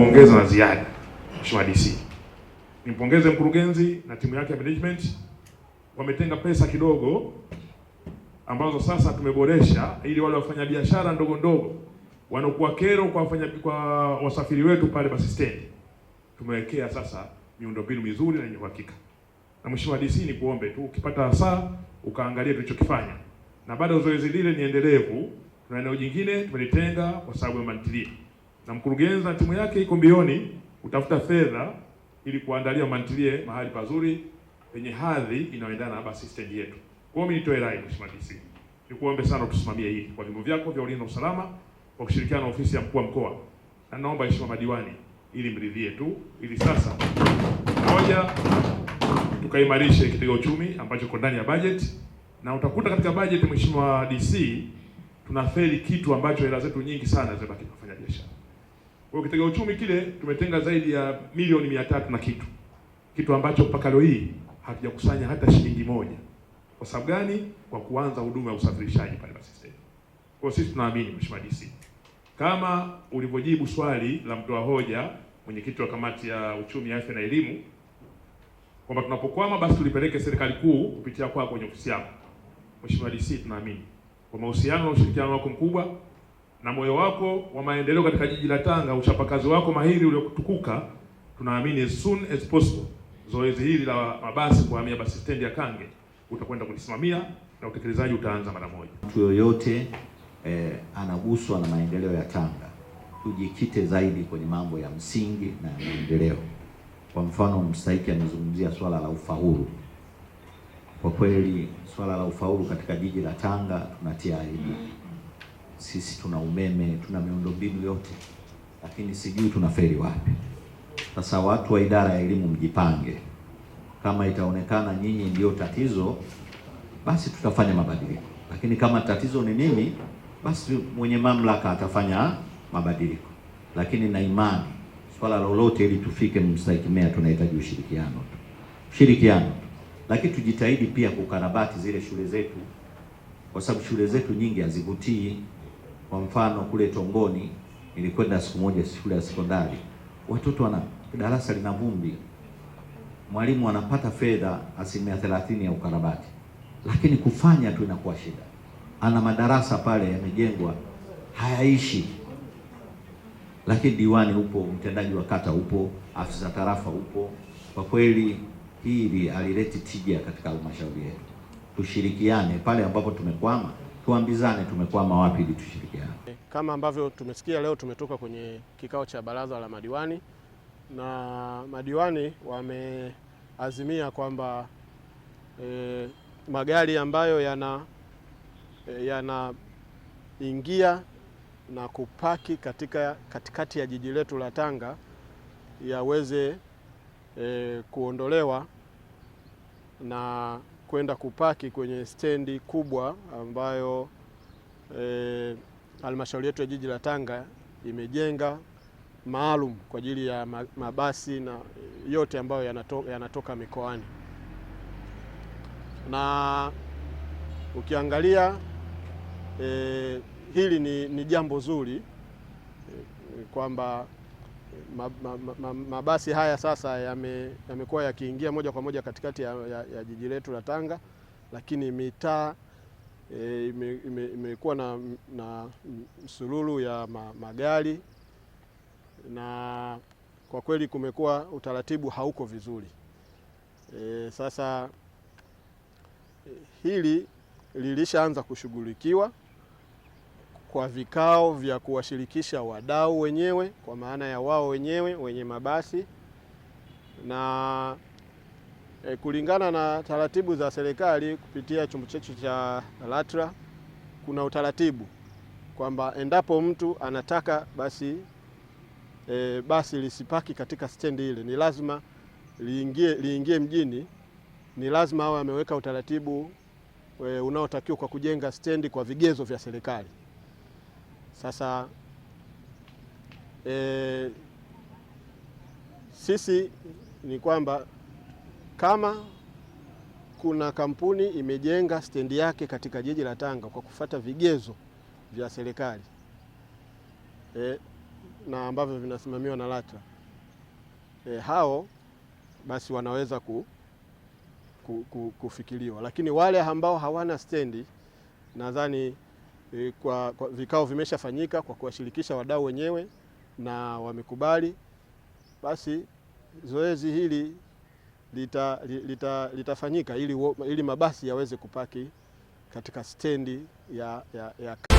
kuongeza na ziada. Mheshimiwa DC, nimpongeze mkurugenzi na timu yake ya management, wametenga pesa kidogo ambazo sasa tumeboresha ili wale wafanya biashara ndogo ndogo wanaokuwa kero kwa wafanya kwa wasafiri wetu pale basi stendi, tumewekea sasa miundombinu mizuri na yenye uhakika. Na Mheshimiwa DC, ni kuombe tu ukipata saa ukaangalia tulichokifanya, na baada ya zoezi lile ni endelevu, na eneo jingine tumelitenga kwa sababu ya mantilia na mkurugenzi na timu yake iko mbioni kutafuta fedha ili kuandalia mantilie mahali pazuri penye hadhi inayoendana na basi stendi yetu. Kwa mimi nitoe rai Mheshimiwa DC. Nikuombe sana utusimamie hili kwa vyombo vyako vya ulinzi na usalama kwa kushirikiana na ofisi ya mkuu wa mkoa. Na naomba heshima madiwani ili mridhie tu ili sasa moja tukaimarishe kitega uchumi ambacho kiko ndani ya bajeti na utakuta katika bajeti Mheshimiwa DC tunafeli kitu ambacho hela zetu nyingi sana zinabaki kufanya biashara. Kwa hiyo kitega uchumi kile tumetenga zaidi ya milioni mia tatu na kitu kitu ambacho mpaka leo hii hatujakusanya hata shilingi moja. Kwa sababu gani? Kwa kuanza huduma ya usafirishaji pale Masiseni. Kwa hiyo sisi tunaamini Mheshimiwa DC, kama ulivyojibu swali la mtoa hoja mwenyekiti wa kamati ya uchumi, afya na elimu kwamba tunapokwama basi tulipeleke serikali kuu kupitia kwako kwenye ofisi yako. Mheshimiwa DC, tunaamini kwa mahusiano na ushirikiano wako mkubwa na moyo wako wa maendeleo katika jiji la Tanga, uchapakazi wako mahiri uliotukuka, tunaamini as soon as possible zoezi hili la mabasi kuhamia basi stendi ya Kange utakwenda kulisimamia na utekelezaji utaanza mara moja. Mtu yoyote eh, anaguswa na maendeleo ya Tanga, tujikite zaidi kwenye mambo ya msingi na ya maendeleo. Kwa mfano, mstahiki amezungumzia swala la ufaulu. Kwa kweli swala la ufaulu katika jiji la Tanga tunatia aibu sisi tuna umeme, tuna miundombinu yote, lakini sijui tuna feri wapi. Sasa watu wa idara ya elimu mjipange, kama itaonekana nyinyi ndio tatizo, basi tutafanya mabadiliko, lakini kama tatizo ni mimi, basi mwenye mamlaka atafanya mabadiliko, lakini na imani swala lolote ili tufike Mstaikimea tunahitaji ushirikiano tu, ushirikiano tu, lakini tujitahidi pia kukarabati zile shule zetu, kwa sababu shule zetu nyingi hazivutii. Kwa mfano kule Tongoni nilikwenda siku moja shule ya sekondari, watoto wana darasa lina vumbi, mwalimu anapata fedha asilimia thelathini ya ukarabati, lakini kufanya tu inakuwa shida. Ana madarasa pale yamejengwa hayaishi, lakini diwani upo, mtendaji wa kata upo, afisa tarafa upo. Kwa kweli hili alileti tija katika halmashauri yetu. Tushirikiane pale ambapo tumekwama tuambizane tumekwama wapi ili tushirikiane. Eh, kama ambavyo tumesikia leo, tumetoka kwenye kikao cha baraza la madiwani na madiwani wameazimia kwamba e, magari ambayo yana e, yanaingia na kupaki katika katikati ya jiji letu la Tanga yaweze e, kuondolewa na kwenda kupaki kwenye stendi kubwa ambayo eh, halmashauri e, yetu ya jiji la Tanga imejenga maalum kwa ajili ya mabasi na yote ambayo yanatoka, yanatoka mikoani na ukiangalia e, hili ni, ni jambo zuri e, kwamba mabasi haya sasa yamekuwa yame yakiingia moja kwa moja katikati ya, ya, ya jiji letu la Tanga, lakini mitaa e, imekuwa ime, ime na, na msululu ya ma, magari na kwa kweli kumekuwa utaratibu hauko vizuri e, sasa e, hili lilishaanza kushughulikiwa kwa vikao vya kuwashirikisha wadau wenyewe kwa maana ya wao wenyewe wenye mabasi na e, kulingana na taratibu za serikali kupitia chombo chetu cha LATRA kuna utaratibu kwamba endapo mtu anataka basi e, basi lisipaki katika stendi ile, ni lazima liingie, liingie mjini. Ni lazima awe ameweka utaratibu e, unaotakiwa kwa kujenga stendi kwa vigezo vya serikali. Sasa e, sisi ni kwamba kama kuna kampuni imejenga stendi yake katika jiji la Tanga kwa kufata vigezo vya serikali e, na ambavyo vinasimamiwa na LATRA e, hao basi wanaweza ku, ku, ku, kufikiriwa, lakini wale ambao hawana stendi nadhani e, kwa, kwa vikao vimeshafanyika kwa kuwashirikisha wadau wenyewe na wamekubali, basi zoezi hili lita, lita, litafanyika ili, ili mabasi yaweze kupaki katika stendi ya, ya, ya